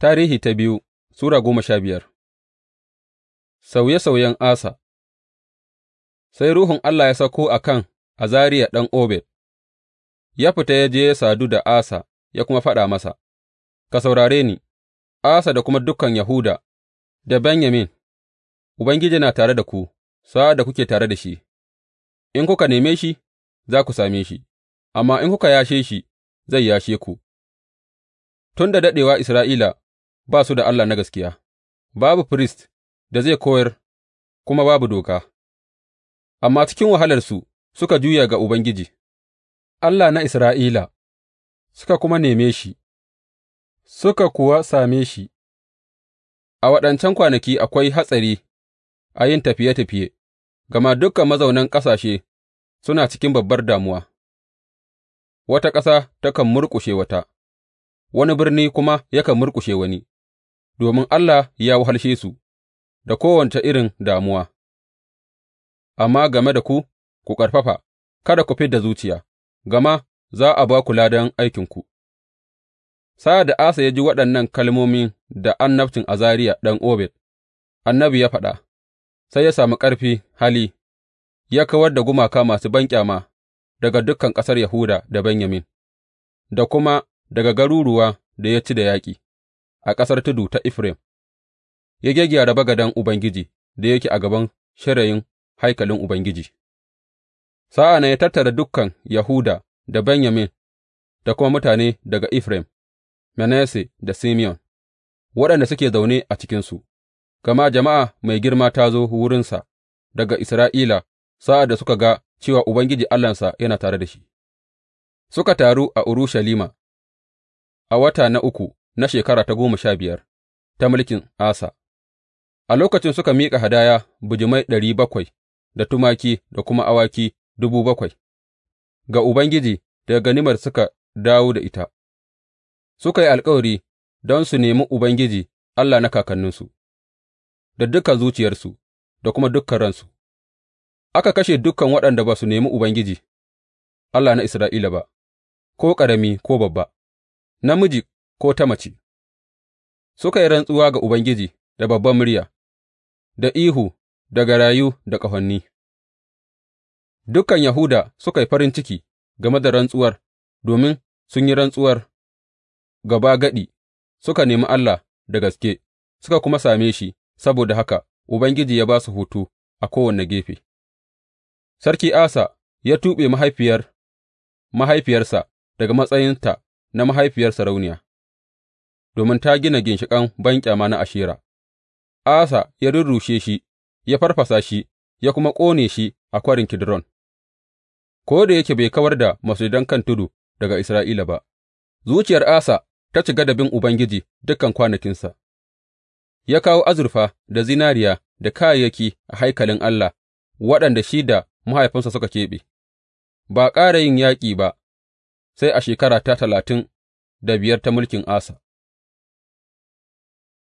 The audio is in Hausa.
Tarihi ta biyu Sura goma sha biyar Sauye sauyen Asa Sai Ruhun Allah ya sauko a kan Azariya ɗan Obed, ya fita ya je ya sadu da Asa ya kuma faɗa masa, Ka saurare ni, Asa da kuma dukan Yahuda da Benyamin, Ubangiji na tare da ku sa'ad da kuke tare da shi, in kuka neme shi, za ku same shi, amma in kuka yashe shi, zai yashe ku. Tun da daɗewa Isra'ila ba su da Allah na gaskiya, babu firist da zai koyar kuma babu doka, amma cikin wahalarsu suka juya ga Ubangiji, Allah na Isra'ila, suka kuma neme shi, suka kuwa same shi, a waɗancan kwanaki akwai hatsari a yin tafiye-tafiye, gama dukan mazaunan ƙasashe suna cikin babbar damuwa, wata ƙasa takan murƙushe wata, wani birni kuma yakan murƙushe wani. domin Allah ya wahalshe su da kowace irin damuwa, amma game da ku, ku ƙarfafa, kada ku fid da zuciya, gama za a ba ku ladan aikinku. Sa'ad da Asa ya ji waɗannan kalmomin da annabcin Azariya ɗan Obed, annabi ya faɗa, sai ya sami ƙarfi hali, ya kawar da gumaka masu banƙyama daga dukan ƙasar Yahuda da Benyamin, da kuma daga garuruwa da ya ci da yaƙi. a ƙasar tudu ta Efraim, ya gyaggyara bagaden Ubangiji da yake a gaban shirayin haikalin Ubangiji, sa'an nan ya tattara dukan Yahuda da Benyamin da kuma mutane daga Efraim, Manasse da Simeon, waɗanda suke zaune a cikinsu, gama jama'a mai girma ta zo wurinsa daga Isra'ila sa'ad da suka ga cewa Ubangiji Allahnsa yana tare da shi. Suka taru a Urushalima a wata na uku na shekara ta goma sha biyar ta mulkin Asa, a lokacin suka miƙa hadaya bijimai ɗari bakwai da tumaki da kuma awaki dubu bakwai ga Ubangiji daga ganimar suka dawo da ita, suka yi alkawari don su nemi Ubangiji Allah na kakanninsu, da dukan zuciyarsu da kuma dukan ransu, aka kashe dukan waɗanda ba su nemi Ubangiji Allah na Isra'ila ba, ko ƙarami ko babba, namiji ko ta mace. Suka yi rantsuwa ga Ubangiji da babbar murya, da ihu, da garayu, da ƙahoni. Dukan Yahuda suka yi farin ciki game da rantsuwar, domin sun yi rantsuwar gaba gadi, suka nemi Allah da gaske, suka kuma same shi, saboda haka Ubangiji ya ba su hutu a kowane gefe. Sarki Asa ya tuɓe mahaifiyar mahaifiyarsa daga matsayinta na mahaifiyar sarauniya. domin ta gina ginshiƙan banƙyama na Ashera, Asa ya rurrushe shi, ya farfasa shi, ya kuma ƙone shi a Kwarin Kidron, ko da yake bai kawar da masujadan kan tudu daga Isra'ila ba, zuciyar Asa ta cika da bin Ubangiji dukan kwanakinsa, ya kawo azurfa da zinariya da kayayyaki a haikalin Allah waɗanda shi da mahaifinsa suka keɓe, ba ƙara yin yaƙi ba sai a shekara ta talatin da biyar ta mulkin Asa.